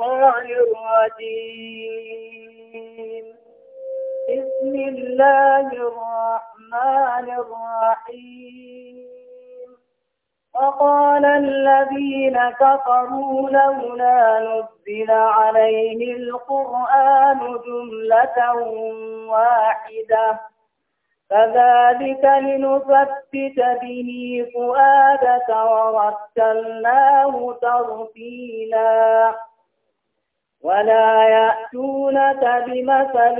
الشيطان الرجيم بسم الله الرحمن الرحيم وقال الذين كفروا لولا نزل عليه القرآن جملة واحدة فذلك لنثبت به فؤادك ورتلناه ترتيلا ولا يأتونك بمثل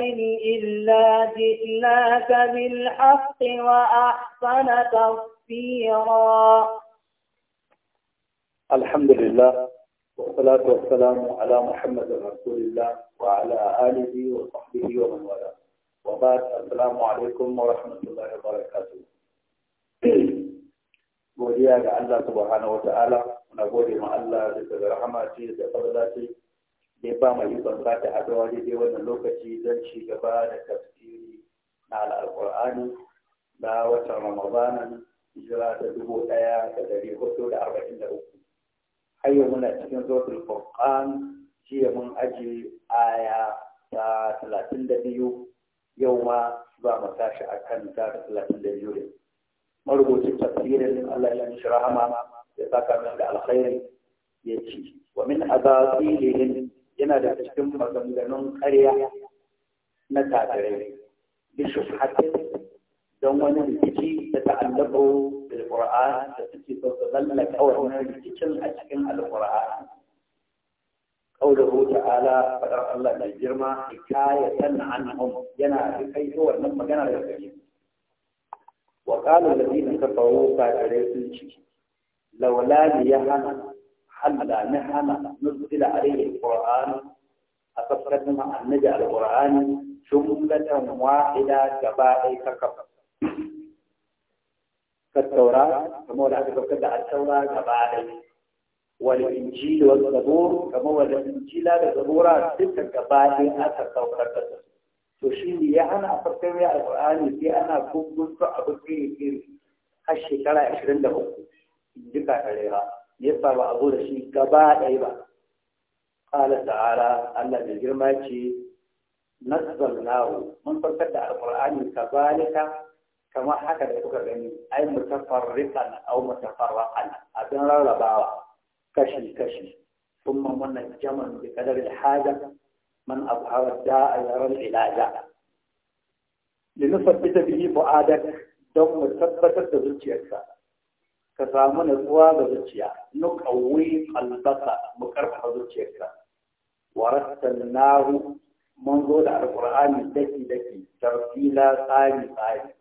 إلا جئناك بالحق وأحسن تفسيرا الحمد لله والصلاة والسلام على محمد رسول الله وعلى آله وصحبه ومن والاه وبعد السلام عليكم ورحمة الله وبركاته godiya الله سبحانه وتعالى ونقول مع الله ma Allah da ya ba mai ikon ba da adawa daidai wannan lokaci don ci gaba da tafsiri na al'alƙur'ani na watan ramadanan hijira ta dubu ɗaya da dari hudu da arba'in da uku har yau muna cikin zotul furqan jiya mun aji aya ta talatin da biyu yau ma za mu tashi a kan ta talatin da biyu ne marubucin tafsirin Allah ya mishi rahama ya saka min da alkhairi ya ce wa min azazilihim yana da cikin maganganun ƙarya na kafirai bi shubhatin don wani rikici da ta'allaqu da qur'an da suke so su lallaka wannan rikicin a cikin al-qur'an qawluhu ala fadar Allah mai girma hikayatan anhum yana da kai wannan magana da gare wa da qala alladhina kafaru kafirai sun ci laula liyahana حتى نحن نزل عليه القرآن أتصرفنا أن نجعل القرآن جملة واحدة كبائي ككفر كالتوراة كما هو العدد وكذا على التوراة كبائي والإنجيل والزبور كما هو الإنجيل والزبورة تلك كبائي أتصور كذا وشيني يعني أتصرفنا يعني القرآن في أنا كنت أبكي في الشكرة عشرين لهم إنجيل عليها yasa ba abu da shi gaba ɗaya ba ƙala ta'ala Allah da girma ce nazzalnahu mun farkar da alqur'ani kazalika kamar haka da kuka gani ai mutafarriqan aw mutafarraqan abin rarrabawa kashi kashi Kuma wannan jaman bi qadar al-haja man azhara da'a yara al-ilaja linusabbita bihi fu'adak don mu tabbatar da zuciyarsa. ka samu natsuwa ga zuciya nuqawwi qalbaka mu karfafa zuciyarka nahu. mun zo da alkur'ani daki daki tartila tsari tsari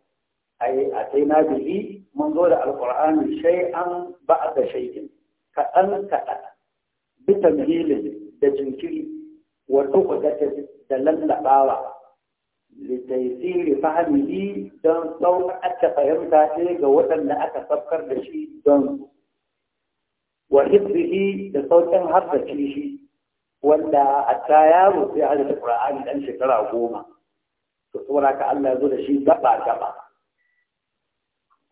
ai a sai na bihi mun zo da alqur'ani shay'an ba'da shay'in kaɗan kaɗan bitamhilin da jinkiri wa tuqdatin da lallaɓawa. litaisiri fahimi don sauƙaƙa fahimta ce ga waɗanda aka saukar da shi don su wa hibbihi da sauƙin harba shi wanda a ta yaro sai a da ƙura'ani ɗan shekara goma to tsora ka Allah zo da shi gaba gaba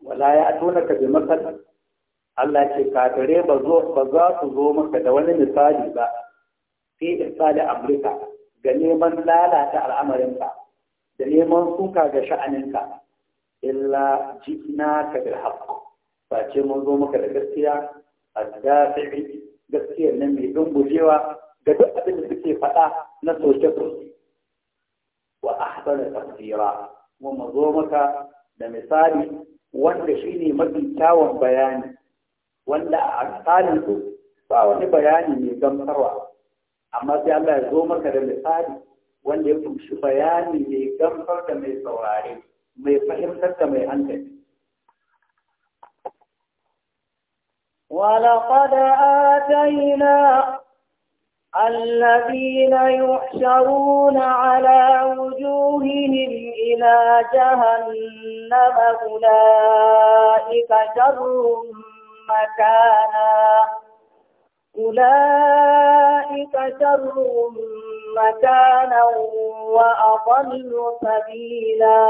wala ya tona ka bi masal Allah ce ka dare ba za su zo maka da wani misali ba sai da Amurka ga neman lalata al'amarin ka da neman suka ga sha'aninka illa jikina ka bil haqq ba ce mun zo maka da gaskiya addafi gaskiyar nan mai dungujewa ga duk abin da suke faɗa na soke-soke wa ahsana tafsira kuma zo maka da misali wanda shine mafi kyawun bayani wanda a tsarin su ba wani bayani mai gamsarwa amma sai Allah ya zo maka da misali wanda ya kunshi bayani mai gamfar da mai saurare mai fahimtar da mai hankali ولقد آتينا الذين يحشرون على وجوههم إلى جهنم أولئك شر مكانا أولئك شر مكانا وأضل سبيلا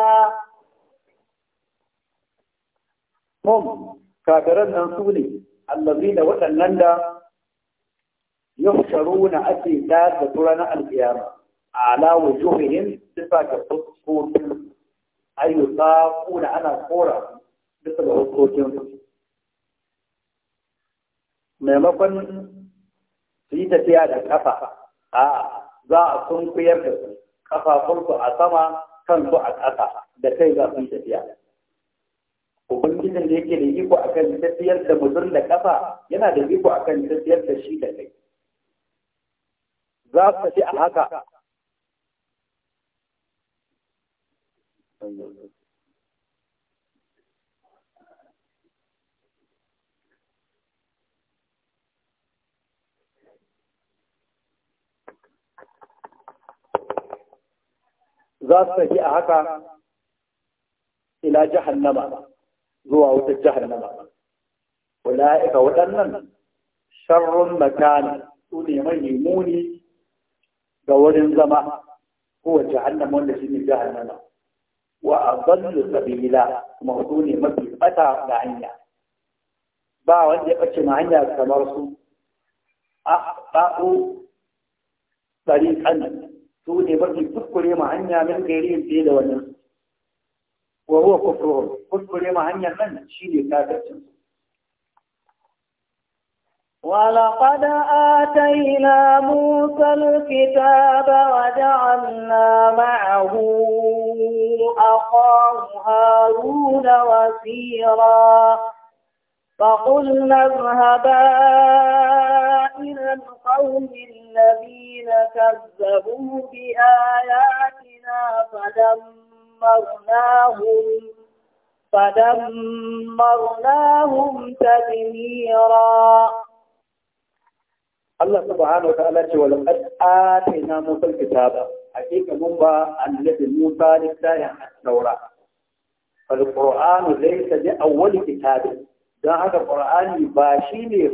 هم كافرن نسولي الذين وتنن يحشرون أتي ذات ترنا القيامة على وجوههم صفة الصوت أي يصافون على الصورة مثل الصوت maimakon su في tafiya da kafa za a sunkuyar da su kafafunsu a sama kansu a ƙasa da kai za su tafiya ubangijin da yake da iko akan tafiyar da mutum da ƙasa yana da iko akan tafiyar da shi da kai za su tafi a haka za su tafi a haka ila jahannama zuwa wutar jahannama ga waɗannan sharrun makani su ne mai muni ga wurin zama ko jahannama wanda shi ne jahannama wa adallu sabila kuma su ne mafi bata da hanya ba wanda ya bace ma hanya kamar su a ba'u tsariƙan su ne kuskure ma hanya min gairi fiye da wannan wa huwa kufrun kuskure ma hanyar nan shine kafircin ولقد آتينا موسى الكتاب وجعلنا معه أخاه هارون وسيرا فقلنا اذهبا من القوم الذين كذبوا بآياتنا فدمرناهم فدمرناهم تدميرا الله سبحانه وتعالى ولقد آتينا موسى الكتاب حقيقة أن الذي موسى لله التوراة فالقرآن ليس بأول كتاب don هذا القرآن ba shi ne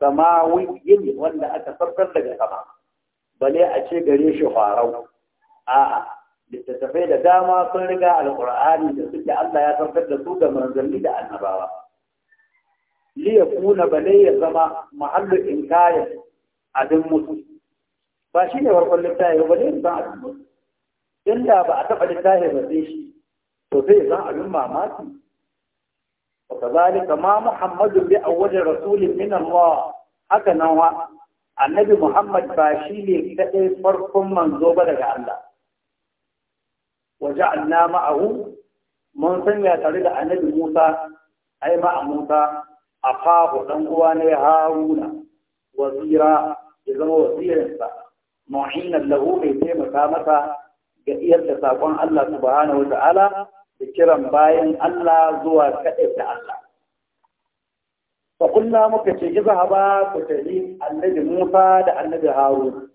samawiyin wanda aka saukar daga sama bale a ce gare shi farau a littattafai da dama sun riga alqur'ani da suke Allah ya saukar da su da manzanni da annabawa li kuna bale ya zama mahallu inkari abin mutu ba shi ne warkon littafi ba ne zan abin mutu inda ba a taɓa littafi ba sai shi to sai zan abin mamaki وكذلك ما محمد بأول رسول من الله haka nan wa annabi Muhammad ba shi ne kaɗai farkon manzo ba daga Allah. Waje anna ma'ahu mun sanya tare da annabi Musa, ai ma'a Musa a fahu ɗan uwa ne Haruna, wasira ya zama wasirinsa, mu'inan lahu mai taimaka masa ga iyar da saƙon Allah subhanahu wa ta'ala da kiran bayan Allah zuwa kaɗai da Allah. Fakulla muka ce ki zahaba ku tafi annabi Musa da annabi Harun.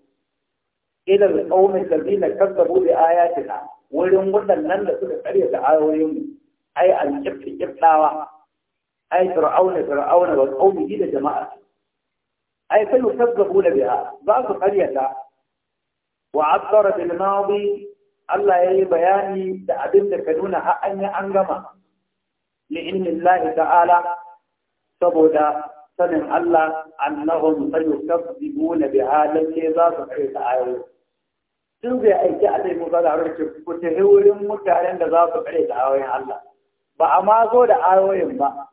Ila alƙawmin lazina kazzabu bi ayatina wurin waɗannan da suka karya da ayoyinmu ai alƙibti ƙibtawa ai fir'auna fir'auna wa qaumihi da jama'a ai mu fa da biha za su karya ta. wa abbara bil madi Allah ya yi bayani da abin da ka nuna har an yi an gama li'ilmin lahi ta'ala saboda sanin Allah annahum sayukadzibuna bi halalle za su kai ta ayoyi tun zai aiki a zai musa da harkar ku ta wurin mutanen da za su kare ta ayoyin Allah ba a ma zo da ayoyin ba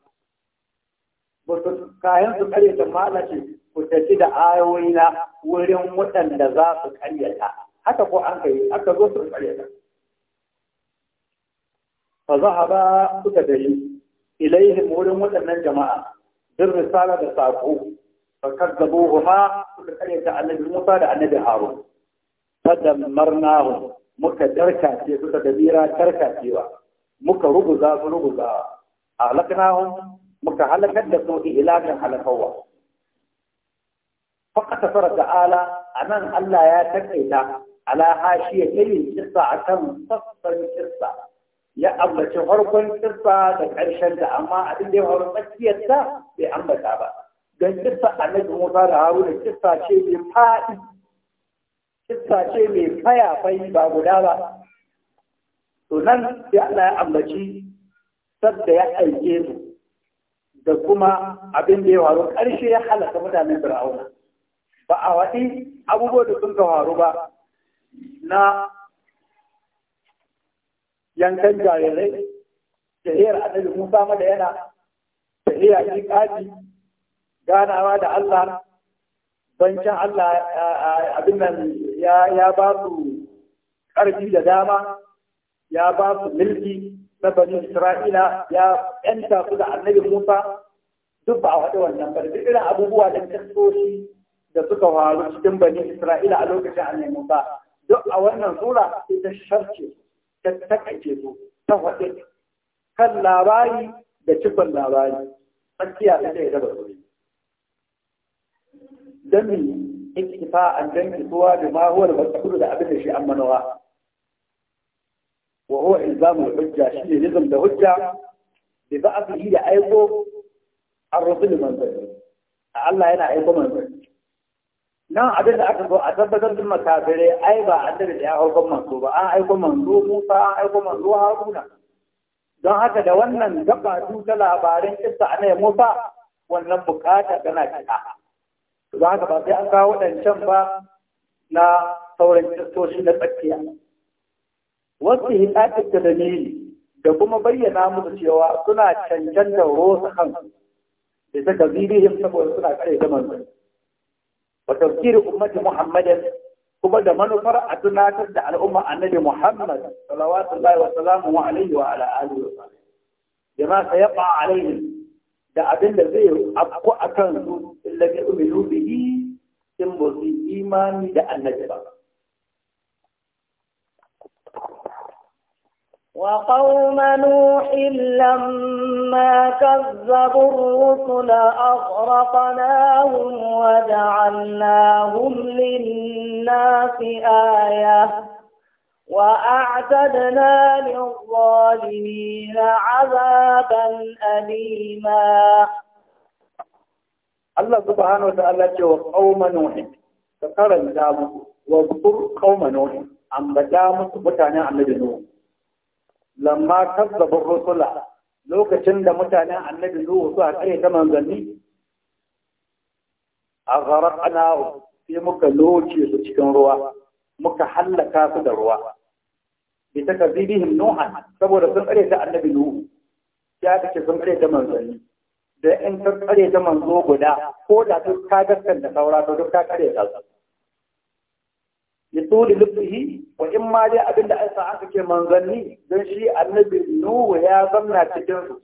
ba su kayan su kare ta malace ku ci da ayoyi na wurin waɗanda za su karyata haka ko an kai aka zo sun tsare ta fa zahaba suka dai ilaihim wurin waɗannan jama'a bin risala da saƙo fa kazzabuhuma suka tsare ta annabi Musa da annabi Harun fa dammarnahu muka darka ce suka dabira tarka cewa muka ruguza su ruguza ahlaknahum muka halakar da su ilahin halakawa faqata fara ta'ala anan Allah ya takaita ala hashiya irin kissa akan sassan kisa. ya ambaci farkon kisa da ƙarshen da amma abin da ya faru tsakiyar ta bai ambata ba dan kissa annabi Musa da da kissa ce mai faɗi kissa ce mai fayafai ba guda ba to nan sai Allah ya ambaci sadda ya aike su da kuma abin da ya faru ƙarshe ya halaka mutanen Fir'auna ba a waɗi abubuwan da sun faru ba na yankan jarirai tahiyar annabi Musa mada yana tahiya kaji ganawa da Allah bancin Allah abin nan ya ba su ƙarfi da dama ya ba su milki na bani Isra'ila ya ‘yanta su da annabi Musa duk ba a waɗe wannan ba duk irin abubuwa da kasoshi da suka faru cikin bani Isra'ila a lokacin annabi Musa duk a wannan sura sai ta sharce ta takaice su ta faɗi kan labari da cikon labari tsakiya ta ce raba su dan mi iktifa an dan kituwa da ma huwa da mas'ul da abin da shi an manawa wa huwa ilzamul hujja ne nizam da hujja bi ba'dihi da aiko ar-rusul manzari Allah yana aiko manzari nan abin da aka zo a tabbatar da makafirai ai ba a da ya aiko manzo ba an aiko manzo Musa an aiko manzo Haruna don haka da wannan gaba ta labarin kissa annabi Musa wannan bukata tana cika don haka ba sai an kawo waɗancan ba na sauran kistoshi na tsakiya wasu hitatin da dalili da kuma bayyana musu cewa suna cancanta rosa kansu da ta kabirihim saboda suna kare da manzo wa tawkir ummati muhammadin kuma da manufar a tunatar da al'umma annabi muhammad salawatullahi wa salamu alaihi wa ala alihi wa jama'a sayaba alaihim da abin da zai afku akan su illa bi umilu bihi imani da annabi ba وقوم نوح لما كذبوا الرسل أغرقناهم وجعلناهم للناس آية وأعتدنا للظالمين عذابا أليما الله سبحانه وتعالى قوم نوح فقال دامه واذكر قوم نوح أم بدامه متعنى عن نوح lamma da rusula lokacin da mutanen annabi su a kare ta manzanni ana sai muka loce su cikin ruwa muka hallaka su da ruwa bi takazibihim nuhan saboda sun kare ta annabi zuwa ya kace sun kare ta manzanni da in ka kare ta manzo guda ko da duk ka gaskanta saura to duk ka kare ta ya da lufihi wa in ma dai abin da aisa aka ke manzanni don shi annabi nuhu ya zanna cikin su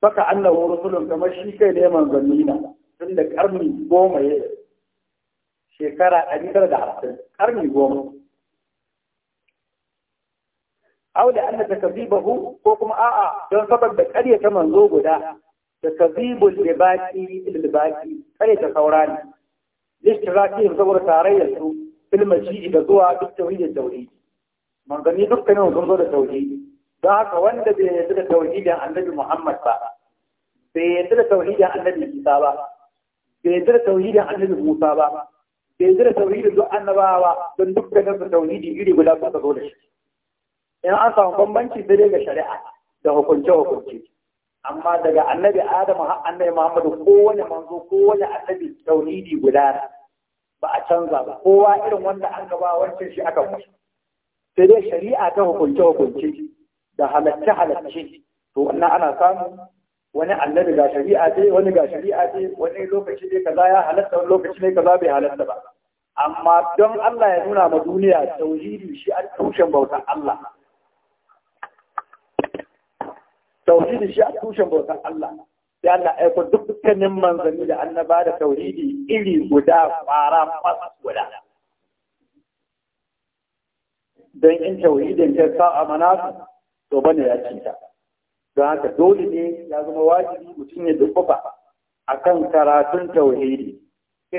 saka annahu rusulun kamar shi kai ne manzanni na tun da karni goma ya shekara ɗari tara da hamsin karni goma au da zi bahu ko kuma a'a don sabab da karyata ta manzo guda da kazibul libaqi lil baqi ƙarya ta saurani lishtirakihim saboda tarayyar su fil mashi'i da zuwa duk tauhidin tauhidi manzanni dukkanin sun zo da tauhidi don haka wanda bai yadda da tauhidin annabi Muhammad ba bai yadda da tauhidin annabi Isa ba bai yadda da tauhidin annabi Musa ba bai yadda da tauhidin duk annabawa don dukkanin su tauhidi iri guda suka zo da shi in an samu bambanci sai dai ga shari'a da hukunce hukunce amma daga annabi adamu har annabi muhammadu kowane manzo kowane annabi tauhidi guda ba a canza ba kowa irin wanda an gaba wancan shi aka musu sai dai shari'a ta hukunce hukunce da halacce halacce to wannan ana samu wani annabi ga shari'a ce wani ga shari'a ce wani lokaci ne kaza ya halatta wani lokaci ne kaza bai halatta ba amma don Allah ya nuna ma duniya tauhidi shi a tushen bautar Allah tauhidi shi a tushen bautan Allah sai Allah aiko dukkanin manzanni da annaba da tauhidi iri guda fara fas guda don in tauhidin ta sa amana to bane ya ta don haka dole ne ya zama wajibi mutum ya dubba akan karatun tauhidi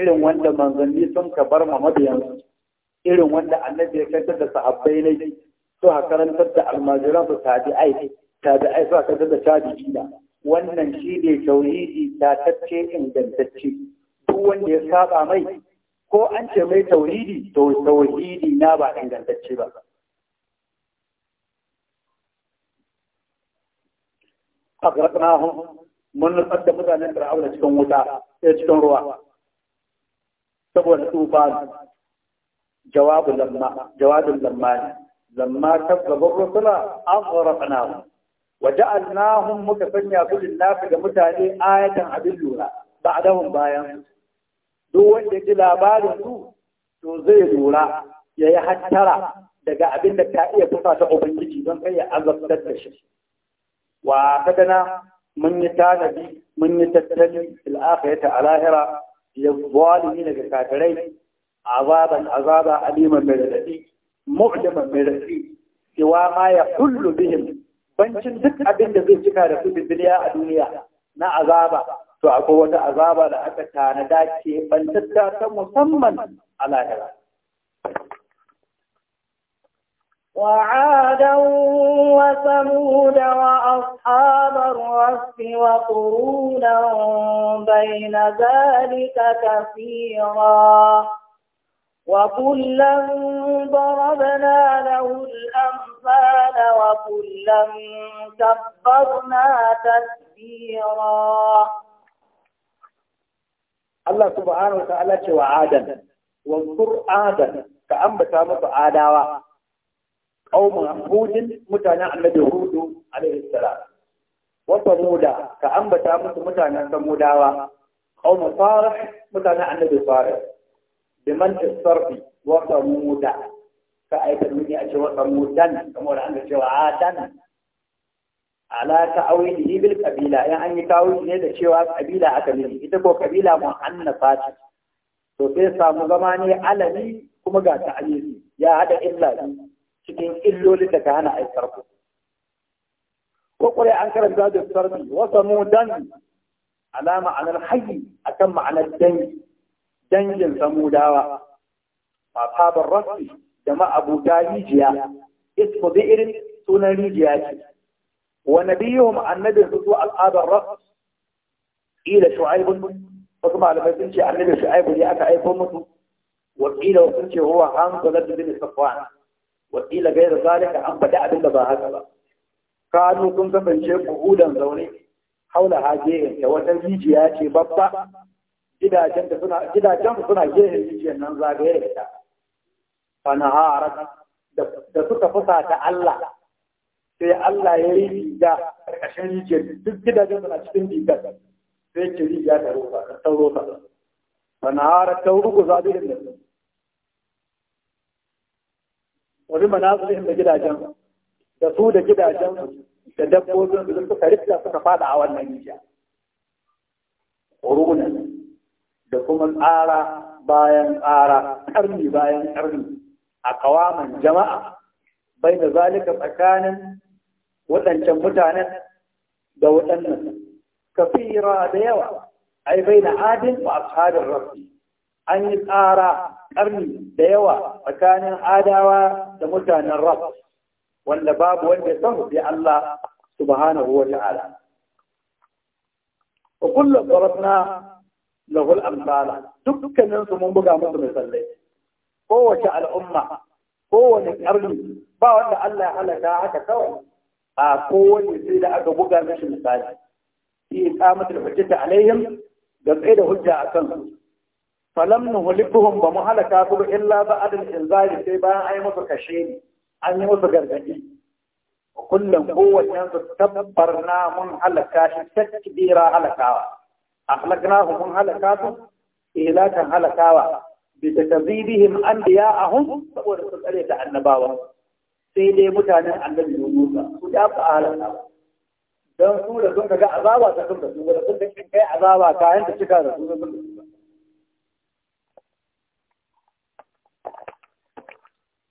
irin wanda manzanni sun ka bar ma mabiyansu irin wanda annabi ya kantar da sahabbai ne to a karantar da almajiran su tabi'ai tabi'ai ba ka da jina. wannan shi ne tauhidi tatacce ingantacce duk wanda ya saba mai ko an ce mai tauhidi to tauhidi na ba ingantacce ba أغرقناهم mun nufar da mutanen fir'auna cikin wuta sai eh, cikin ruwa saboda tufa jawabin lamma jawabin lamma ne lamma tabbabar rusula an Waje waja'alnahum muka sanya su nasu ga mutane ayatan abin lura ba'dahum bayan duk wanda ji labarin su to zai lura ya yi hattara daga abin da ta iya fusa ta ubangiji don kai ya azabtar da shi wa ta gana mun yi tanadi mun yi tattali fil akhirati a lahira ya zalimi daga kafirai azaban azaba aliman mai raɗaɗi mu'jaman mai raɗaɗi cewa ma ya kullu bihim bancin duk abin da zai cika da su bibiliya a duniya na azaba to akwai wata azaba da aka tanada ke bantatta ta musamman a lahira وعادا وثمود وأصحاب الرس وقرونا بين ذلك كثيرا وكلا ضربنا له الأمر الرحمن وكلا كبرنا تكبيرا الله سبحانه وتعالى شوى عادا وانظر عادا كأنبت مصر عاداوة قوم هود متنع مدهود عليه السلام وثمود كأنبت مصر متنع ثموداوة قوم صالح متنع مدهود صالح بمن الصرف وثمود ka aika duniya a cewa ɗarutan kamar an da cewa atan ala ta aure da kabila in an yi kawo ne da cewa kabila aka nufi ita ko kabila mu annafa ce to sai samu zama ne alami kuma ga ta ya haɗa illa cikin illoli da ka hana aikar ku karanta da كلام زاد السرمي alama anar hayi akan ma'anar معنى dangin samudawa ثمودا وأصحاب الرسل da ma'abuta rijiya ismu bi irin sunan rijiya ce wa nabiyuhum annabin su su al'adar ras ila shu'aibun wasu malamai sun ce annabi shu'aibu ya aka aiko musu wa kila sun ce huwa hamza bin safwan wa kila gairu zalika an faɗi abin da ba haka ba kanu sun kasance buhudan zaune haula haje da wata rijiya ce babba gidajen suna gidajen suna gehen rijiyar nan zagaye da ita fanaharat da suka fusa ta Allah sai Allah ya yi riga ƙarƙashin rijiyar duk gidajen suna cikin rigar sai ce riga ta rosa ta sauro ta fanaharat ta rugu za da inda wani manazin da gidajen da su da gidajen da dabbobin da suka rikta suka fada a wannan rijiya rugunan da kuma tsara bayan tsara ƙarni bayan ƙarni أقواما جماعة بين ذلك مكان وتنشم متانا دوتنا كثيرا ديوا أي بين عاد وأصحاب الرب أن يتآرى قرن ديوا مكان آدوا دمتان الرب واللباب باب في الله سبحانه وتعالى وكل ضربنا له الأمثال دكنا ننسى من بقى مصر kowace al'umma kowane ƙarni ba wanda Allah ya halaka haka kawai a kowane sai da aka buga mishi misali fi qamatul ta alaihim da tsaye da hujja a kansu falam hulibuhun ba mu halaka su illa ba'da al-inzari sai bayan an yi musu kashe ne an yi musu gargadi kullum kowace tabbar tabbarna mun halaka shi takbira halakawa ahlaknahu mun halaka su ilakan halakawa bi takzibihim anbiya'ahum saboda sun tsare ta annabawa sai dai mutanen annabi Musa su da ba halaka don su da sun kaga azaba ta sun da su da sun da kin kai azaba kayan da cika da su da sun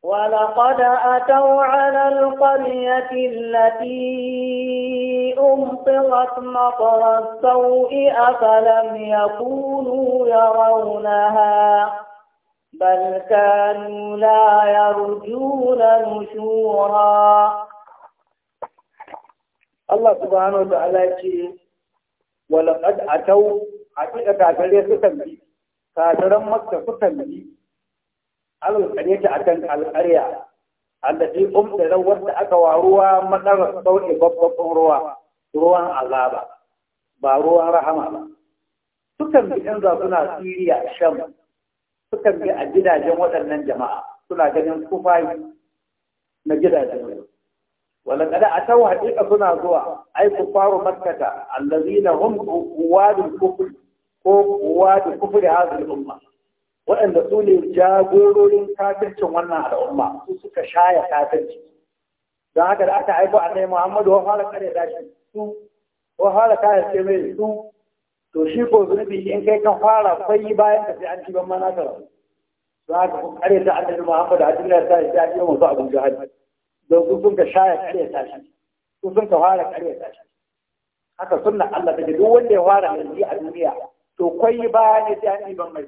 ولقد أتوا على القرية التي أمطرت مطر السوء أفلم يكونوا يرونها بل كانوا لا يرجون نشورا الله سبحانه وتعالى ولقد أتوا حقيقة كافرية ستنبي كافرا مكة ستنبي على القرية أتن على القرية التي قمت لو وقت روى مدر صوت بطبط روى روى عذابا باروى ruwan rahama ba sukan bi ɗan za sukan bi a gidajen waɗannan jama'a suna ganin kufayi na gidajen wala kada a tawo haƙiƙa suna zuwa ai faru makkata allazina hum kuwadul kufri ko kuwadul kufri umma waɗanda su ne jagororin kafircin wannan al'umma su suka shaya kafirci don haka da aka haifo a kai muhammadu wa fara kare dashi su wa fara kare ce mai su to shi ko zunubi in kai ka fara fayi bayan ka sai an ci ban mana ka za ka ku kare ta annabi Muhammad a duniya ta shi a cikin masu abun jihar don ku sun ka shaya kare ta shi ku sun ka fara kare ta shi haka sunna Allah take duk wanda ya fara yanzu a duniya to kwayi bayan sai an ci ban mai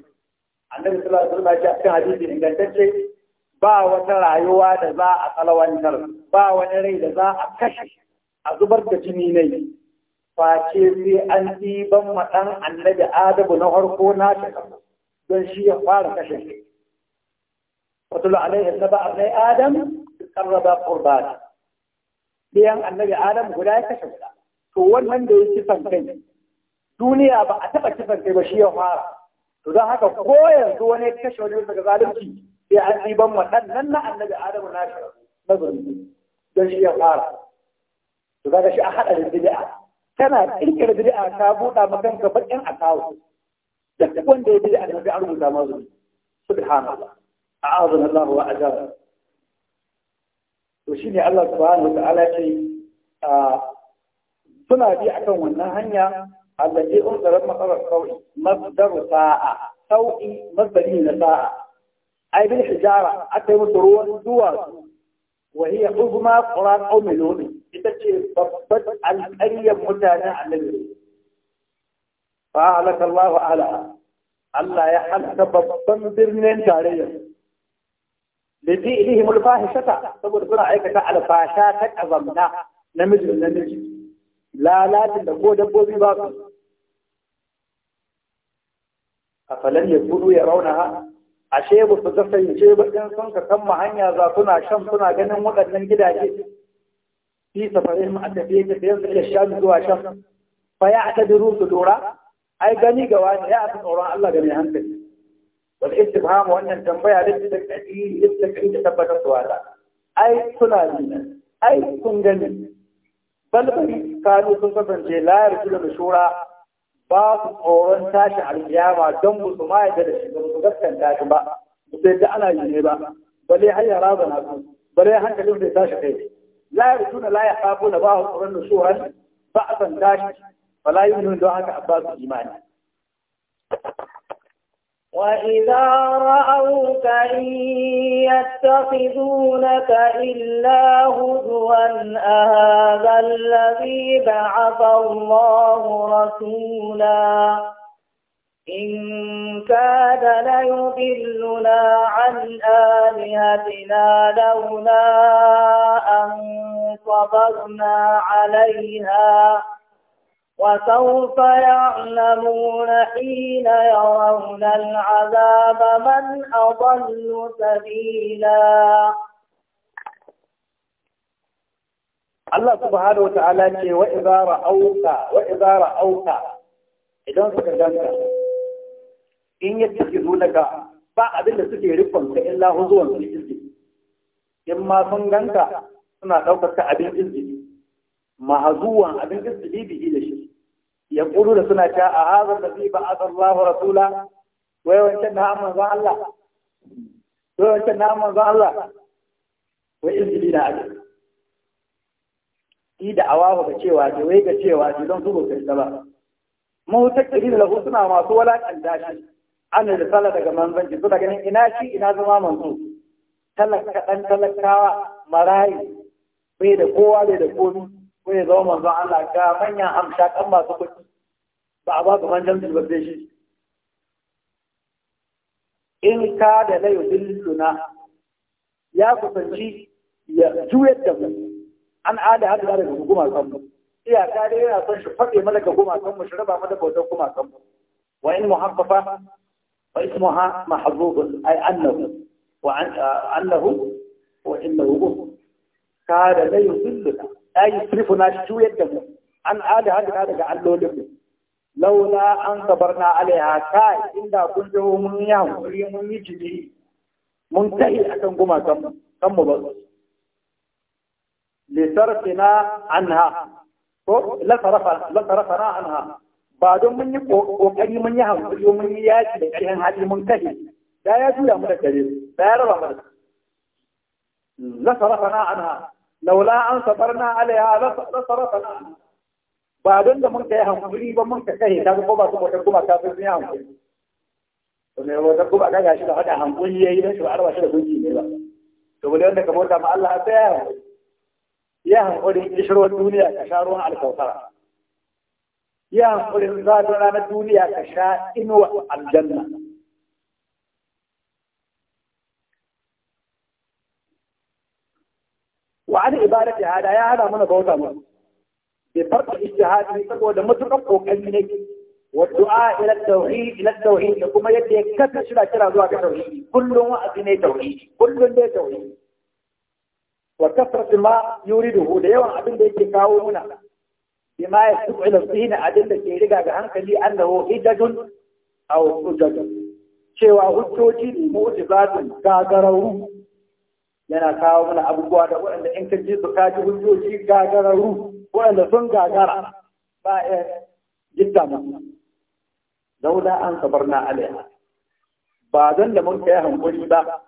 annabi sallallahu alaihi wasallam ya ce hadisi ingantacce ba wata rayuwa da za a tsalwantar ba wani rai da za a kashe a zubar da jini ne face sai an ɗiban maɗan annabi adabu na farko na shekaru don shi ya fara kashe shi واتل عليه النبأ ابن آدم قرب قربانا biyan annabi Adam guda ya kashe guda to wannan da ya kifan kai duniya ba a taba kifan kai ba shi ya fara to don haka ko yanzu wani ya kashe wani daga zalunci sai an ɗiban waɗannan na annabi Adam na shi na zurfi don shi ya fara to kaga shi a haɗa da bid'a kana da bid'a ka buɗa ma kanka bakin akawo duk wanda ya bid'a da bid'a rubuta ma zuwa subhanallah a'azana Allah wa ajara to shine Allah subhanahu wa ta'ala ce a suna bi akan wannan hanya Allah allazi unzara maqara sawi masdar sa'a sawi masdari na sa'a ai bil hijara akai musu ruwan duwatsu wa hiya uzma qura qawmi lumi ita ce babbar alƙaryar mutanen annabi fa halaka Allahu ala Allah ya halaka babban birnin tarayyar da ji ilihim alfahishata saboda suna aikata alfasha ta kazamna namiji da namiji lalatin da ko dabbobi ba su afalan yakunu yarawnaha ashe ba su kasance ba in sun ka kama hanya za suna shan suna ganin waɗannan gidaje في سفرهم التي تتيز إلى الشام زوا شام فيعتذروا صدورا أي غني جوان يعرف أوران الله جميع هنتك والاستفهام وأن التنبيه لستك أتي لستك أنت تبقى سوالا أي سلالين أي سنجن بل بل كانوا سنصفا لا يرسل مشورا ba su tsoron tashi alkiyama don ba su ma yadda da shi ba su gaskanta shi ba ba su yadda ana yi ne ba bale har yara ba na su bale hankalin bai tashi kai la yarjuna la na ba hu quran nusuran ba asan dashi fala yu'minu don haka imani وإذا رأوك إن يتخذونك إلا هزوا أهذا الذي بعث الله رسولا إن كاد ليضلنا عن آلهتنا لولا أن صبرنا عليها وسوف يعلمون حين يرون العذاب من أضل سبيلا الله سبحانه وتعالى وإذا رأوك وإذا رأوك إذا رأوك in ya nuna ka, ba abin da suke rikon ka illa huzuwan su izini in ma sun ganka suna ɗaukar ka abin izini huzuwan abin izini bi da shi ya kulu da suna ta a hazar da zai ba a sallahu rasula wai wancan na manzon Allah wai wancan na Allah wai izini na abin yi da awawa ga cewa ce wai ga cewa ce don su ba ba mahutar kiri da lahu suna masu walakanta shi an sallah daga manzanci suna ganin ina shi ina zama manzo talaka dan talakawa marayi bai da kowa bai da komi bai ya zama manzo Allah ga manyan amsa kan masu kuɗi ba a ba ga manzanci ba sai shi in ka da layu dilluna ya kusanci ya juyar da mu an ada da daga hukuma kan mu ka dai yana son shi faɗe malaka kuma kan mu shi raba mata bautar kan mu wa in muhaffafa واسمها محظوظ أي أنه وعن أنه وإنه هو كان لا يذلنا لا يصرفنا شو يدنا عن هذا هذا قال له لولا أن صبرنا عليها كاي ان كنت من يوم من يجري منتهي أكن كما كم كم بس لصرفنا عنها لا صرفنا لا صرفنا عنها ba don mun yi kokari mun yi hankali mun yi yaki da ƙarfin hali mun kashe da ya juya mu da kare da ya raba mana la sarafana anha laula an sabarna alaiha la sarafana na. ba don da mun kai hankali ba mun ka kashe ta ko ba su ta kuma ta sun yi hankali to ne wata kuma ga shi da hada hankali yayi da shi arba shi da gunki ne ba to bale wanda ka bauta ma Allah sai ya hankali ya hankali kishiro duniya ka sha ruwan alkautara يا أنقل زادنا من الدنيا كشاء إنو الجنة وعن عبارة هذا يا هذا من بوتا من بفرق اجتهاد سبوة مطلق وكلمنك والدعاء إلى التوحيد إلى التوحيد كما يدي كثر شلا كلا دعاء التوحيد كل وقت توحيد كل ده توحيد وكثرة ما يريده ليوم أبن ده يتكاو منه bima ya tubu ila zihni abin da ke riga ga hankali annahu hijjatun aw hujjatun cewa hujjoji ne gagararru yana kawo mana abubuwa da waɗanda in ka ji ka ji hujjoji gagararru waɗanda sun gagara ba ya gitta mu daula an sabarna alaiha ba don da mun kai hankali ba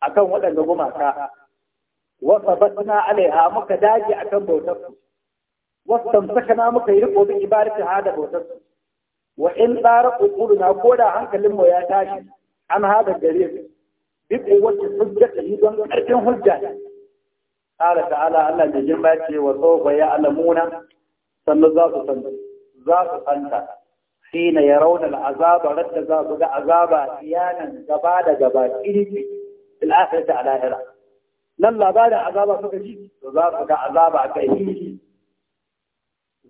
akan waɗanda gumaka wasa batna alaiha muka dage akan bautar su واستمسكنا مكيرق بإبارة هذا بوتس وإن طارق قولنا كودا عن كلمة يا عن هذا الدليل بقوة الحجة أيضا أركن حجة قال تعالى أن بجمعته وسوف يعلمون سنزاق سنزاق أنت حين يرون العذاب رد ذاك عذاب أحيانا جبال جبال إلي الآخرة على هرا لن بعد عذاب فكشي وذاك عذاب كهيشي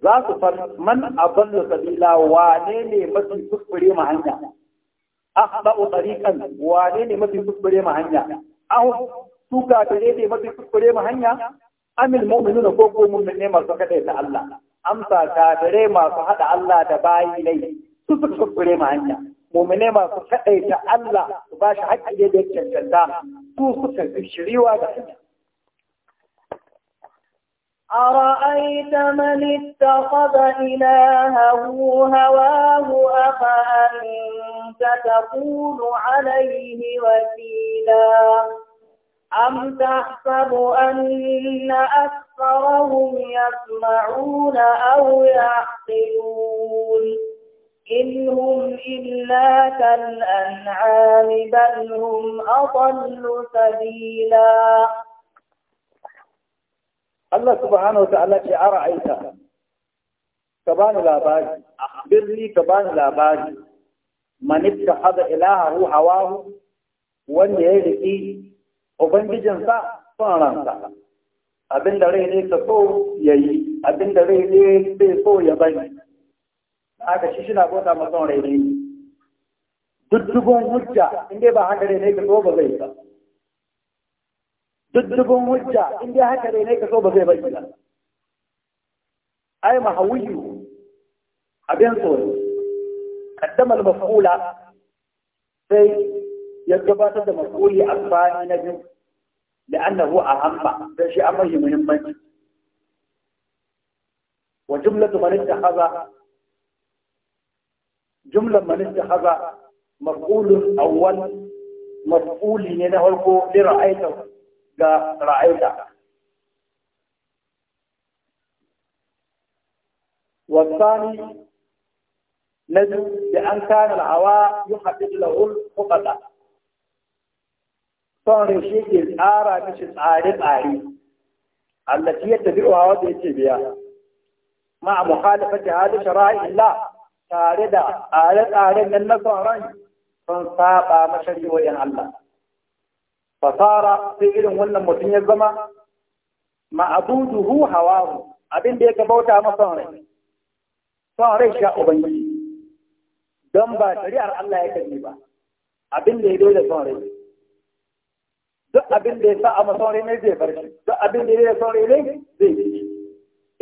za su far man aballa sabila wane ne mafi kuskure ma hanya ahdau tariqan wane ne mafi kuskure ma hanya aw su ka ne mafi kuskure ma hanya amil mu'minuna ko ko ne masu kada da Allah amsa ta tare masu hada Allah da bayi ne su su kuskure ma hanya ne masu kada da Allah su ba shi haƙƙi da cancanta su suka shiriwa da hanya أرأيت من اتخذ إلهه هواه أفأنت تكون عليه وكيلا أم تحسب أن أكثرهم يسمعون أو يعقلون إن هم إلا كالأنعام بل هم أضل سبيلا Allah subhanahu wa ta'ala ce ara aita ka bani labari Birni ka bani labari man ittakhadha ilahahu hawahu wanda ya riki ubangijin sa son ransa abin da rai ne ka so yayi abin da rai ne bai so ya bari aka shi shina bota ma rai ne duk dubon hujja in dai ba haka ne ka so ba zai ba دغه موچا انده هک دې نه کسو به به ایلا اي محوجو ابيان تول قدم في يتبات لانه اهم شيء امر مهم وجمله من اتخذ جمله من اتخذ مفعول اول مفعول لنهلكو لرايته دا ra'aita والثاني نجم بأن كان الهواء يحدد له الفقدة صار شيء الآراء مش عارف عاري التي يتبعها وده بها مع مخالفة هذا الشرائع الله تاردة آلت آلت من نصران فانصاب مشري وين الله fasara sai irin wannan mutum ya zama ma'abuduhu hawahu abin da ya kabauta masa son rai son rai sha ubangiji don ba shari'ar Allah ya kaji ba abin da ya dole son rai duk abin da ya sa a mason rai ne zai bar shi duk abin da ya da son rai ne zai yi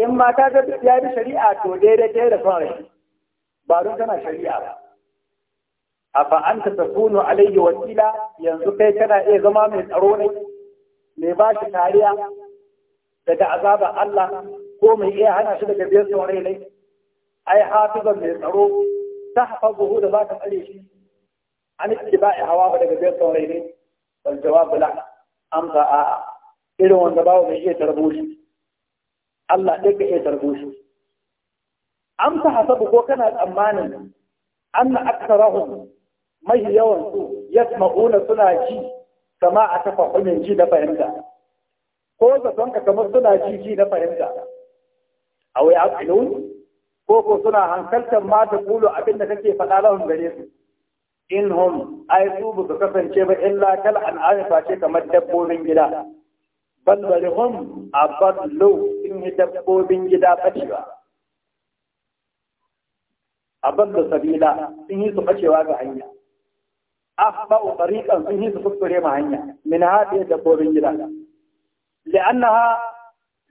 in ma ta ya bi shari'a to daidai ta da son rai ba don tana shari'a ba afa anta takunu alayhi wakila yanzu kai kana iya zama mai tsaro ne mai ba shi kariya daga azabar Allah ko mai iya hana shi daga biyar saurai ne ai hafizan mai tsaro ta buhu da za ka tsare shi an ittiba'i hawa ba daga biyar saurai ne wal jawabu la amsa a'a irin wanda ba mai iya tarbo shi Allah ɗaya ka iya tarbo shi amsa hasabu ko kana tsammanin an anna aktsarahum mai yawan su yasma'una suna ji kama a tafahumin ji da fahimta ko zaton ka kamar suna ji ji na fahimta a wai aqilun ko ko suna hankaltar ma ta kulu abin da kake faɗa lahun gare su in hum ai su ba su kasance ba illa kal an'ami face kamar dabbobin gida bal bal hum abadlu in dabbobin gida bacewa abadlu sabila sun yi su bacewa ga hanya أخطأوا طريقا فيه تفكر معينة من هذه الدبور الجدا لأنها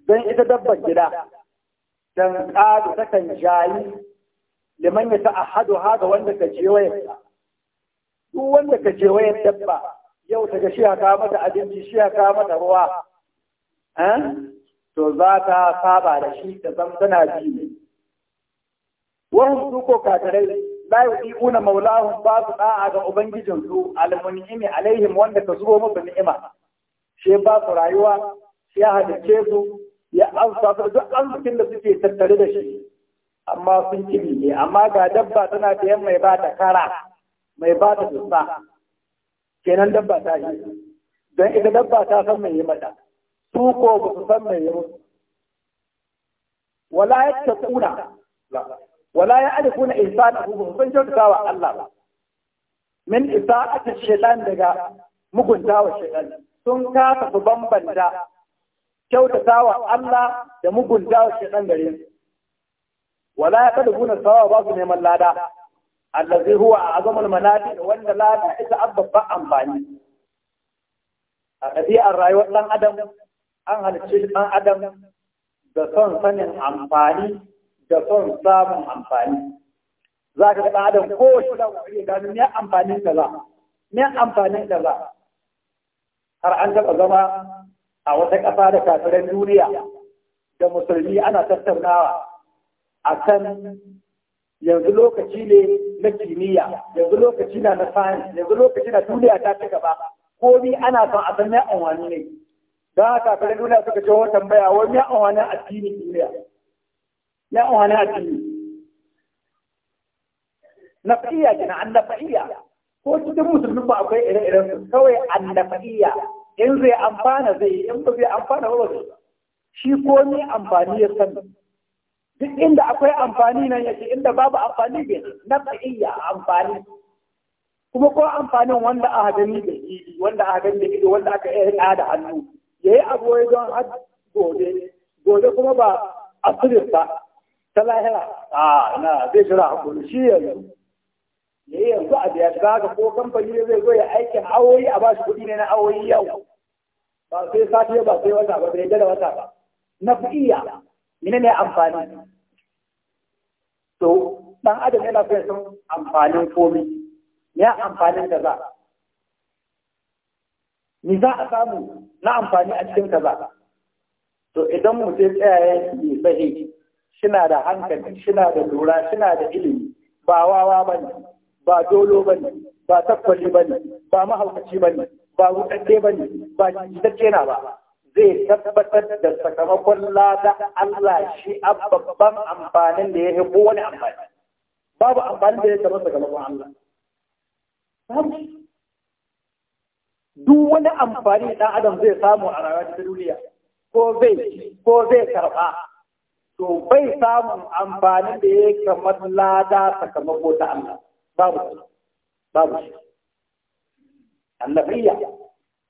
بين إتدبر الجدا تنقاد تكن جاي liman ya ta'ahadu haka wanda ka kewaye duk wanda ka kewaye dabba yau ta ga shi haka mata abinci shi haka mata ruwa to za ta saba da shi ta zama tana ji su ko katarai la yuqina maulahum ba su da'a ga ubangijin su almunimi alaihim wanda ka zuwa musu ni'ima she ba su rayuwa ya hadace su ya amsa su duk arzikin da suke tattare da shi amma sun ci ne amma ga dabba tana da mai ba ta kara mai ba ta dusa kenan dabba ta yi don ita dabba ta san mai yi mata su ko ba su san mai yi musu wala yattaquna ولا يعرفون إنسان أبوه من جوتاوى الله من إساءة الشيطان لغا مكن تاوى الشيطان سن كاتا فبنبن دا جوتاوى الله دا مكن تاوى الشيطان لغا ولا يقلبون سوى باطن يمن لا دا الذي هو أعظم المنادي وأن لا تحس أبا فأم باني الذي الرأي وطن أدم أنهل الشيطان أدم بصن سنين أم باني da son samun amfani za ka ga adam kowace da wuri gano miyan amfanin da za me amfanin da za har an taɓa zama a wata ƙasa da kafiran duniya da musulmi ana tattaunawa a kan yanzu lokaci ne na kimiyya yanzu lokaci na na science yanzu lokaci na duniya ta ci gaba ni ana son a san me amfani ne don haka kafiran duniya suka ce wata tambaya wa me amfanin addinin duniya ya uwanati naf'iyya kina annafa'iyya ko cikin musulmin ba akwai ire-iren su kawai an annafa'iyya in zai amfana zai in ba zai amfana ba zai shi ko ne amfani ya sani duk inda akwai amfani nan yake inda babu amfani bai naf'iyya amfani kuma ko amfanin wanda a gani da ido wanda a gani da ido wanda aka iya da hannu ya yi abu don har gobe gobe kuma ba a ba ta lahira a na zai shira hakuri shi yanzu ya yi yanzu a biya shiga haka ko kamfani zai zo ya aikin awoyi a bashi kuɗi ne na awoyi yau ba sai safiya ba sai wata ba bai da wata ba na fi'iya mene ne amfani to dan adam yana son amfanin komi ya amfanin da za ni za a samu na amfani a cikin kaza to idan mu sai tsaya ya yi sahihi shina da hankali shina da lura shina da ilimi ba wawa bane ba dolo bane ba takwali bane ba mahaukaci bane ba rudadde bane ba jidacce na ba zai tabbatar da sakamakon lada Allah shi babban amfanin da ya yi wani amfani babu amfanin da ya taba sakamakon Allah duk wani amfani ɗan adam zai samu a ta duniya ko zai ko zai karɓa to bai samun amfani da ya kamar lada sakamako ta Allah babu shi babu shi annabiya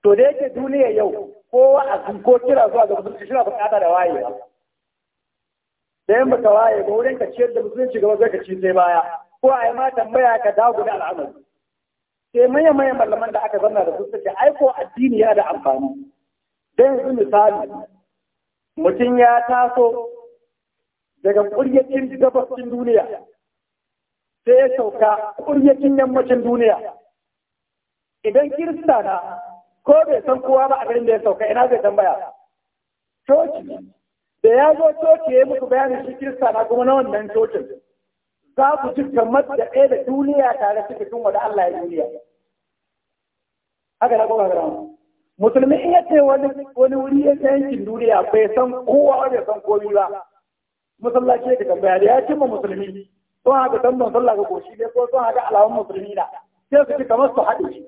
to da yake duniya yau kowa a ko kira zuwa ga musulunci shi na bukata da wayewa da yin baka waye ba wurin ka ciyar da musulunci gaba zai ka ci sai baya ko a yi ma tambaya ka dawo da al'amari sai manyan manyan malaman da aka zanna da su suke aiko addini yana da amfani don yanzu misali mutum ya taso daga ƙuryacin gabashin duniya sai ya sauka ƙuryacin yammacin duniya idan kirista na ko bai san kowa ba a garin da ya sauka ina zai tambaya coci da ya zo coci ya yi muku bayanin shi kirista na kuma na wannan cocin za ku ci kamar da ɗaya da duniya tare suke tun da Allah ya duniya haka na kuma gara musulmi in ya ce wani wuri ya yankin duniya bai san kowa bai san komi ba masallaci da kan bayani ya cimma musulmi sun haka tamban sallah ga koshi ne ko sun haka alamun musulmi na sai su ci kamar su haɗe shi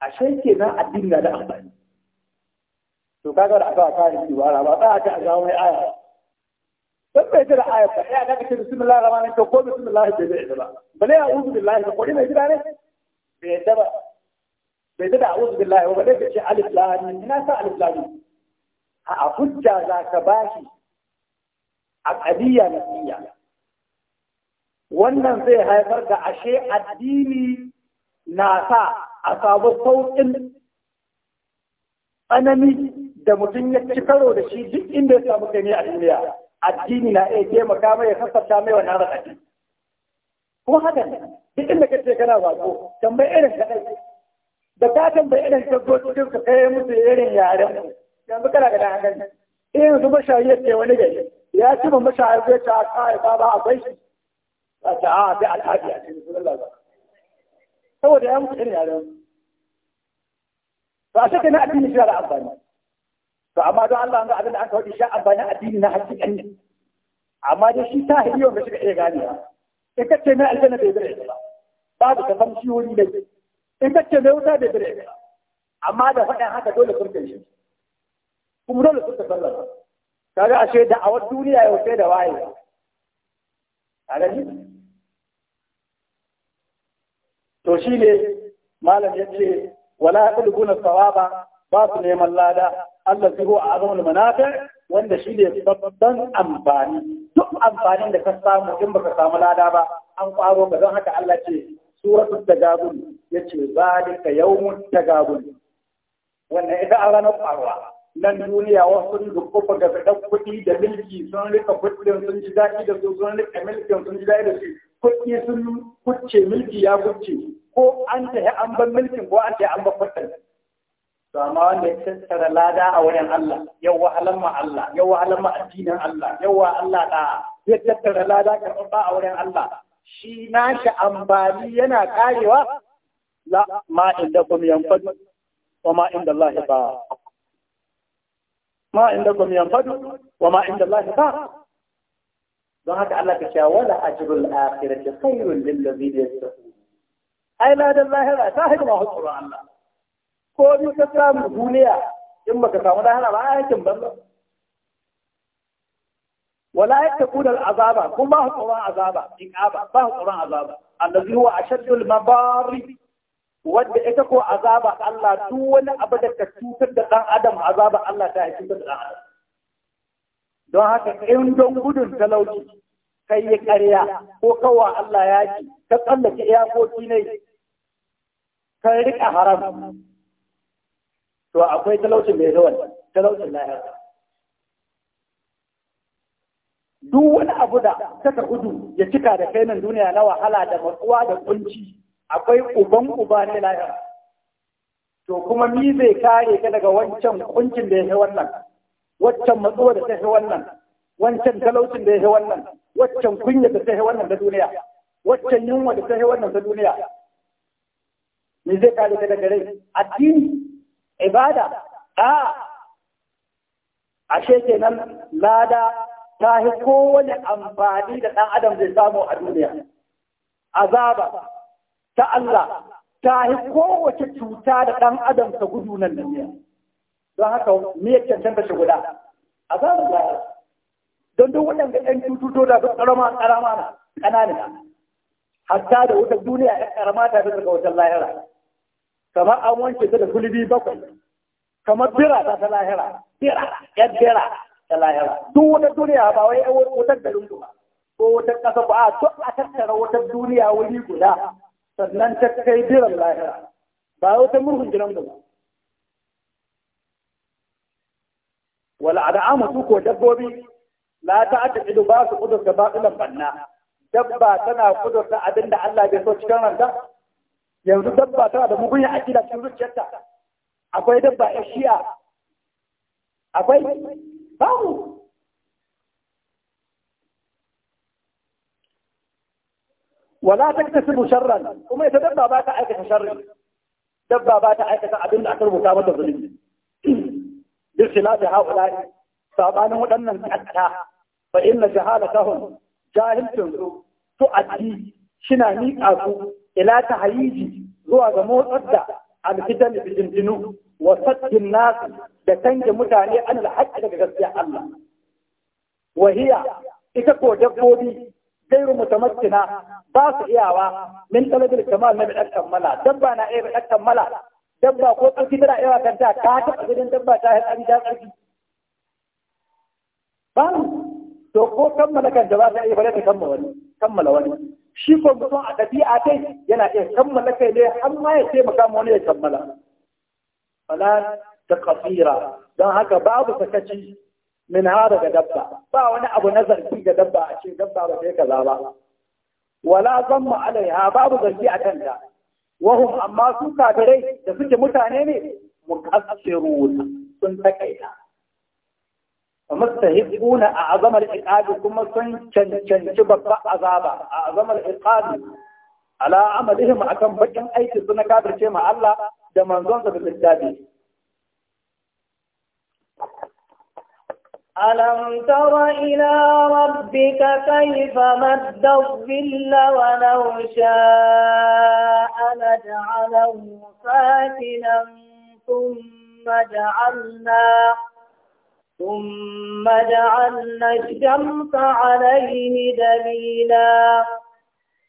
ashe kenan addini na da amfani to kaga da aka kare shi wara ba za a ce a ga mai aya dan bai jira aya ba ya daga kace bismillah rahmanir to ko bismillah bai da ba bale ya uzu billahi ko dai mai jira ne bai da ba bai da uzu billahi ba dai kace alif lam ina sa alif lam a hujja za ka bashi aqadiyya nasiya wannan zai haifar da ashe addini na sa a samu sauƙin tsanani da mutum ya ci karo da shi duk inda ya samu gani a duniya addini na iya taimaka mai ya kasarta mai wannan raɗaɗi kuma haka ne duk inda kace kana wato tambayi irin kaɗai da ka tambayi irin tabbocin ka kai musu irin yaren yanzu kana ga dan hankali irin zuba shari'a ce wani gari ya ce ba mashayar zai ta kai ba ba akwai shi ba ta a bi al'adi a cikin sunan lalata saboda ya mutu irin yaren ba shi na addini shi da amfani to amma don Allah ga abin da aka wadi sha amfani addini na hajji ne amma dai shi ta hiyo ba shi da iya ba. in kace mai aljanna bai bire ba babu ka san shi wuri da in kace mai wuta bai bire ba amma da faɗin haka dole furta shi kuma dole furta sallah kaga ashe da a wata duniya yau sai da waye a gani to shi ne malam ya ce wala yaquluna sawaba ba su neman lada Allah zai ho a azamul manafi wanda shi ne babban amfani duk amfanin da ka samu in ka samu lada ba an kwaro ba don haka Allah ce suratul tagabun yace zalika yawmut tagabun wannan ita a ranar kwaruwa nan duniya wasu da kofa ga fitar kuɗi da milki sun rika kuɗin sun ji daɗi da su sun rika milkin sun ji daɗi da su kuɗi sun kuce milki ya kuce ko an tafi an ban milkin ko an tafi an ban kuɗin to amma wanda ya tattara lada a wajen Allah yau wahalar ma Allah yau wahalar ma addinin Allah yau wa Allah da ya tattara lada karɓa a wajen Allah shi nashi ambali yana karewa la ma inda kum yanfad wa ma inda Allah ba ma indakum yanfadu wa ma inda Allah ba don haka Allah ka cewa wala ajrul akhirati khairun lil ladina yattaqun ai la dan lahira ta hidima hukumar Allah ko ni ka samu duniya in baka samu lahira ba aikin banza ولا يتقون العذاب كما هو قران عذاب إقابة ما هو قران عذاب الذي هو أشد المضار wadda ita ko azaba Allah duk wani abu da ka cutar da ɗan adam azaba Allah ta yi da ɗan adam don haka in don gudun talauci kai yi ƙarya ko kawa Allah ya ci ka tsallake iyakoki ne ka riƙa haram to akwai talaucin mai zuwa talaucin lahira duk wani abu da kaka gudu ya cika da kai nan duniya na wahala da matsuwa da kunci akwai uban uba ne lahira to kuma ni zai kare ka daga wancan kuncin da ya fi wannan wancan matsuwa da ta fi wannan wancan talaucin da ya fi wannan wancan kunya da ta fi wannan ta duniya wancan yunwa da ta fi wannan ta duniya ni zai kare ka daga rai addini ibada a ashe kenan lada ta fi kowane amfani da ɗan adam zai samu a duniya azaba ta Allah ta yi kowace cuta da ɗan adam ta gudu nan duniya don haka me ya cancanta shi guda a zanen baya don duk waɗanda ɗan cututo da su ƙarama ƙarama na ƙananin hatta da wutar duniya ya ƙarama ta fi daga wutar lahira kamar an wanke su da kulbi bakwai kamar bira ta ta lahira bira yan bira ta lahira duk wata duniya ba wai wutar garin ba ko wutar ƙasa ba a a tattara wutar duniya wuri guda sannan ta kai biran lahira ba wata murhun jiran ba wal ad'ama su ko dabbobi la ta'adda ido ba su kudur da batilan banna dabba tana kudur da abin da Allah bai so cikin ranta yanzu dabba tana da mugunya akida cikin zuciyarta akwai dabba ya shi'a akwai babu wala taktasibu sharran kuma ita dabba ba ta aikata sharri dabba ba ta aikata abin da aka rubuta mata zulmi bil khilafi haula sabanin waɗannan katta fa inna jahalatahum jahiltun su tu'addi shina miƙa su ila hayiji zuwa ga motsar da alfitan bijintinu wa nasu da canje mutane an alhaƙi daga gaskiya Allah wahiya ita ko dabbobi sairu mutamakkina ba su iyawa min talabil kamal na bidan kammala dabba na iya bidan kammala dabba ko tsarki tana iya kanta ta taɓa gidan dabba ta haɗa ta tsarki ba to ko kammala kan da ba ta iya bare kammala wani kammala wani shi ko mutum a ɗabi'a kai yana iya kammala kai ne har ma ya taimaka ma wani ya kammala fala ta kafira don haka babu sakaci min hada dabba ba wani abu na zargi da dabba a dabba ba sai kaza ba wala zamma alaiha babu zargi a kanta wahum amma su kafirai da suke mutane ne muqassiru sun takaita amma tahibuna a'zama al-iqab kuma sun cancanci babbar azaba a'zama al-iqab ala amalihim akan bakin aiki sun kafirce ma Allah da manzon sa da littafi ألم تر إلى ربك كيف مد الظل ولو شاء لجعله ساكنا ثم جعلنا ثم جعلنا الشمس عليه دليلا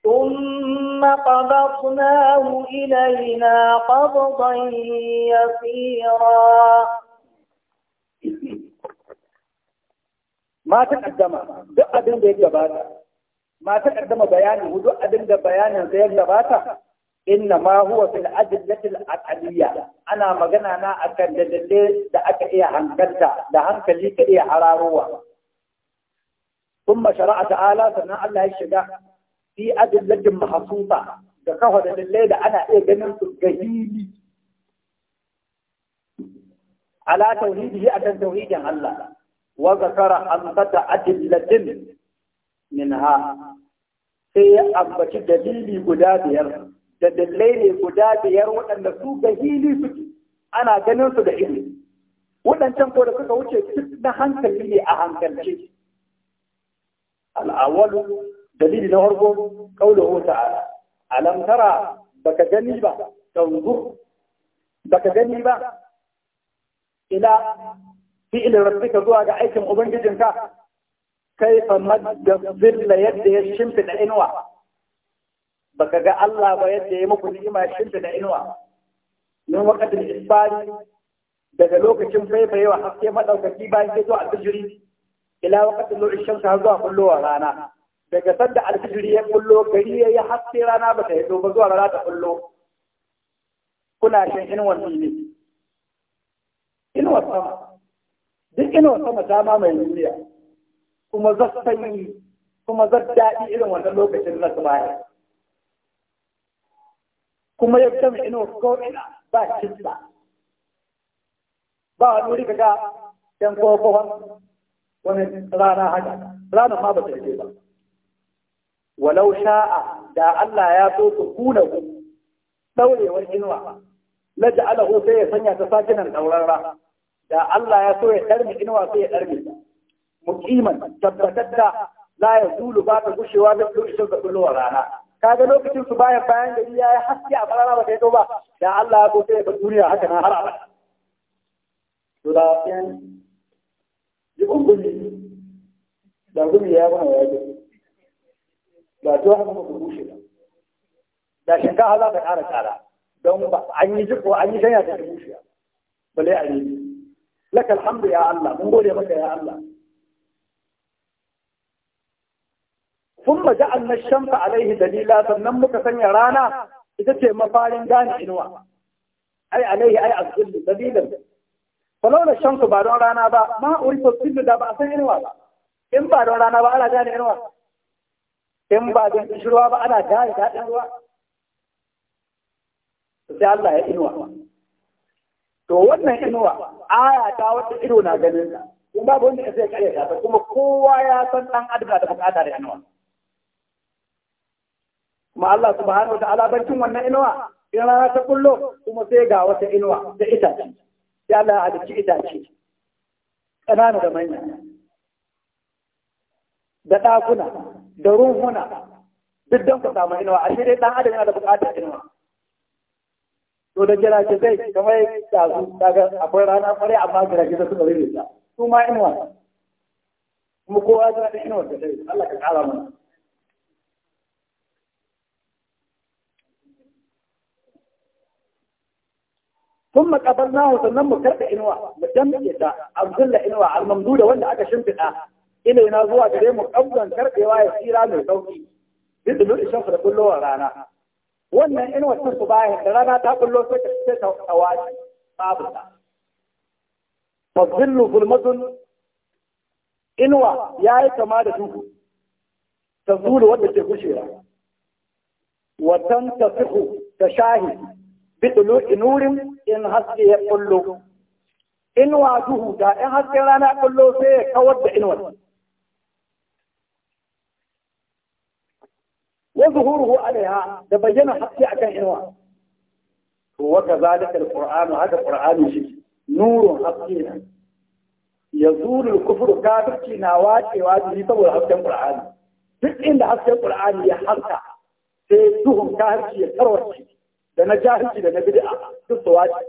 ثم قبضناه إلينا قبضا يسيرا mata ƙaddama duk abin da ya gabata mata ƙaddama bayani hudu abin bayanin da ya gabata inna ma huwa fil ajlati ana magana na akan dalile da aka iya hankalta da hankali kaɗai iya hararowa kuma shara'a ta'ala sannan Allah ya shiga fi ajlati mahsusa da kawo dalile da ana iya ganin su gahili ala tauhidi a dan tauhidin Allah wa zakara amsata adillatin minha sai ya ambaci dalili guda biyar da dalilai ne guda biyar waɗanda su ga hili suke ana ganin su da ido. waɗancan ko da suka wuce duk na hankali ne a hankalce al'awalu dalili na farko kaulahu ta'ala alam tara baka gani ba tanzur baka gani ba ila fi'il rabbika zuwa ga aikin ubangijinka fa madda zilla yadda ya shimfida inuwa baka ga Allah ba yadda ya muku ni'ima ya shimfida inuwa min waqatil isbari daga lokacin faifayewa haske madaukaki bayan ke zuwa alfijiri ila waqatil lu'u shamsi har zuwa kullowa rana daga sanda alfijiri ya kullo gari ya yi haske rana ba ta yi ba zuwa rana ta kullo kuna shan inuwar ne inuwar sama duk inuwar mata ma mai duniya kuma za su sanyi kuma za su daɗi irin wannan lokacin na baya kuma ya ina inuwar ko'ina ba cinta ba wani wuri kaga yan kofofon wani rana haka rana ma ba ta ba walau sha'a da Allah ya so su kuna ku daurewar inuwa la ja'alahu sai ya sanya ta sakinan daurarra الله يا يسوع ارمي انه واسي ارمي مقيما تبتدى لا يزول بعد كل شيء واجب كل شيء كله ورانا كذا لو كنت تبايع يا الدنيا حتى على يا الله يا الله كنت بدنيا حتى انا حرام سلاطين يقول لي لا تقول يا ابو هاي لا تروح ما تقولش لا لكن كهذا بحارة كهذا دوم عني جب وعني شيء هذا تقولش يا بلي عني laka alhamdu ya Allah mun gode maka ya Allah ثم جعلنا الشمس عليه دليلا sannan muka sanya rana ita ce mafarin gane inuwa ai alaihi ai azulli dalilan falola shamsu ba don rana ba ma urifa da ba san inuwa ba in ba don rana ba ana gane inuwa in ba don kishirwa ba ana gane Allah ya to wannan inuwa aya ta wata ido na ganin ta kuma babu wanda sai kare ta kuma kowa ya san ɗan adam da bukata da inuwa kuma Allah subhanahu wa ta'ala bancin wannan inuwa in rana ta kullo kuma sai ga wata inuwa da itace sai Allah ya halicci itace ƙanana da manya da ɗakuna da ruhuna duk don ku samu inuwa a shi dai ɗan adam yana da inuwa to da jirage zai kamar ta su daga akwai rana fare amma jirage zai suka rage ta su ma inuwa kuma kowa zai da inuwa da dai Allah ka kara mana ثم قبلناه sannan mu karɓi inuwa mu damƙe ta abdulla inuwa al-mamduda wanda aka shimfiɗa ina zuwa gare mu kabban karɓewa ya tsira mai sauki duk da ishafa da kullowar rana wannan in wasu su bayan da rana ta kullo sai ta sai ta tawaji babu ta fazillu zulmatun ya yayi kama da duhu ta zuru wadda ke gushewa watan ta fiku ta shahi bidulu inurin in haske ya kullo inuwa duhu da in haske rana kullo sai ya kawar da inuwar wa zuhuruhu alaiha da bayyana haske akan inuwa to wa kazalika alqur'anu haka Kur'ani shi nurun haske ne yazuru alkufru na wacewa jini saboda hasken Kur'ani. duk inda hasken Kur'ani ya haska sai duhun kafirci ya tarwace da na jahilci da na bid'a duk su wace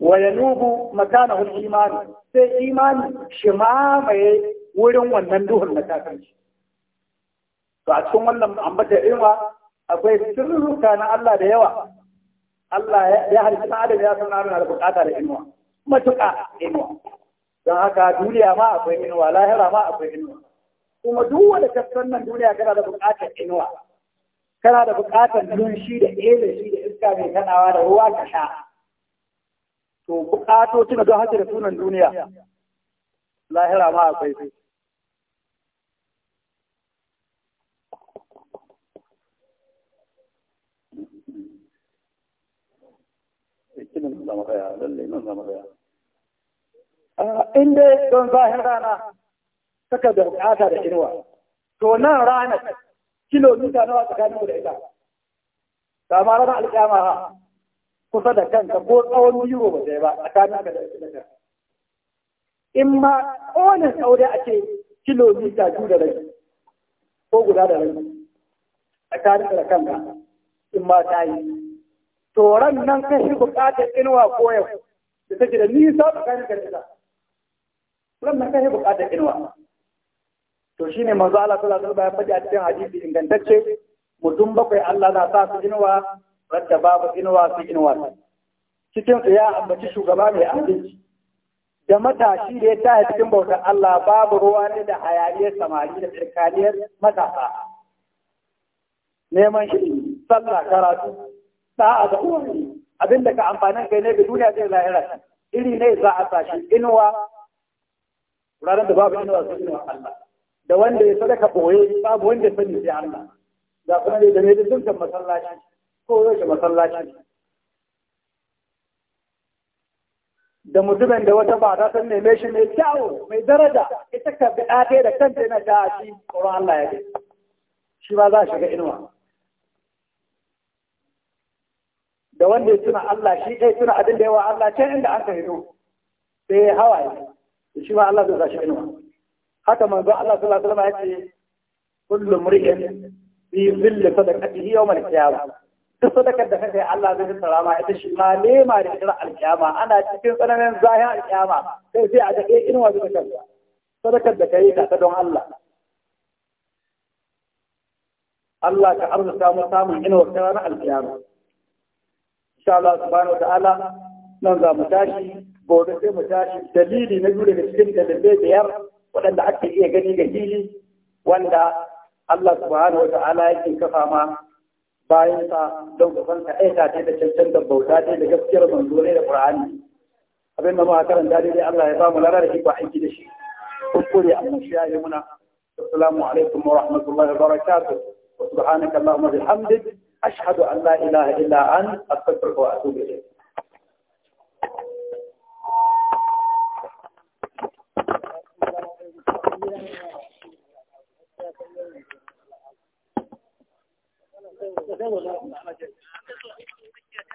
wa yanubu makanahu imani sai imani shi mamaye wurin wannan duhun na kafirci to a cikin wannan ambata ilma akwai sirruka na Allah da yawa Allah ya halitta na adam ya san na da bukata da inuwa matuƙa inuwa don haka duniya ma akwai inuwa lahira ma akwai inuwa kuma duk wanda ka san nan duniya kana da bukatar inuwa kana da bukatar shi da ele shi da iska mai kanawa da ruwa ka sha to bukatoci na don haka da sunan duniya lahira ma akwai sai inda nan zama tsaya lallai nan zama tsaya in dai don zahir rana saka da bukata da inuwa to nan ranar kilo kilomita nawa tsakanin da ita kama ranar alƙyama ha kusa da kanka ko tsawon euro ba sai ba tsakanin ka da ita in ma kowane tsaure ake kilomita biyu da rai ko guda da rai tsakanin da kanka in ma ta yi tsoron nan kan shi bukatar inuwa ko yau da take da nisa tsakanin ka nisa toran nan kan shi bukatar inuwa to shine manzo Allah sallallahu alaihi wasallam ya faɗi a cikin hadisi ingantacce mutum bakwai Allah na sa su inuwa radda babu inuwa su inuwa cikin su ya ambaci shugaba mai adalci da matashi da ya tashi cikin bautar Allah babu ruwa ne da hayaniyar samari da tsirkaniyar matasa neman shi sallah karatu a ga uwaye abin da ka amfanin kai ne da duniya zai lahira iri ne za a sashi inuwa Wuraren da babu inuwa sun inuwa Allah da wanda ya sadaka boye babu wanda ya sani sai Allah ga kuma da ne da dukkan masallaci ko yau masallaci da mutumin da wata ba ta san neme shi mai kyawu mai daraja ita ka bi ɗaya da kanta yana da shi tsoron Allah ya ce shi ba za a shiga inuwa da wanda ya tuna Allah shi kai tuna abin da yawa Allah can inda aka hito sai hawaye shi ma Allah zai zashi inuwa haka manzo Allah sallallahu alaihi wasallam ya ce kullu mri'in fi zilli sadaqatihi yawm al-qiyamah duk sadakar da kake Allah zai tsara ma ita shi ma lema da kira al-qiyama ana cikin tsananin zahin al-qiyama sai sai a ga inuwa zai kanta sadakar da kai ta don Allah Allah ka arzuta mu samun inuwar ta ranar alkiyama. insha Allah subhanahu nan za mu tashi gobe sai mu tashi dalili na biyu daga cikin dalilai biyar waɗanda aka iya gani ga hili wanda Allah subhanahu ta'ala yake kafa ma bayan sa don kusan ka aika ta da cancanta bauta ta da gaskiyar manzo ne da Qur'ani abin da muka karanta dai Allah ya ba mu larar shi aiki da shi kuskure Allah shi ya muna assalamu alaikum wa rahmatullahi wa barakatuh wa subhanaka allahumma bihamdika ashadu an la ilaha an astagfirka wa atubu